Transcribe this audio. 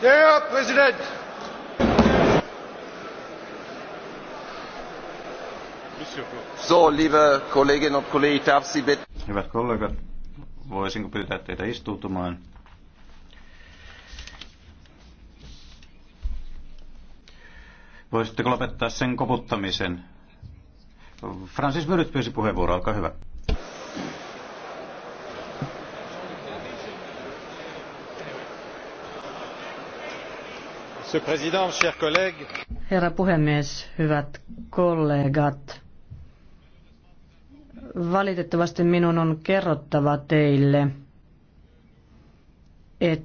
Herr Präsident! So, liebe Kolleginnen und Kollegen, darf Sie bitten. Hyvät kollegat, voisinko pyytää teitä istuutumaan? Voisitteko lopettaa sen koputtamisen? Francis Myryt pyysi puheenvuoroa, olkaa hyvä. Herra puhemies, hyvät kollegat. Valitettavasti minun on kerrottava teille, että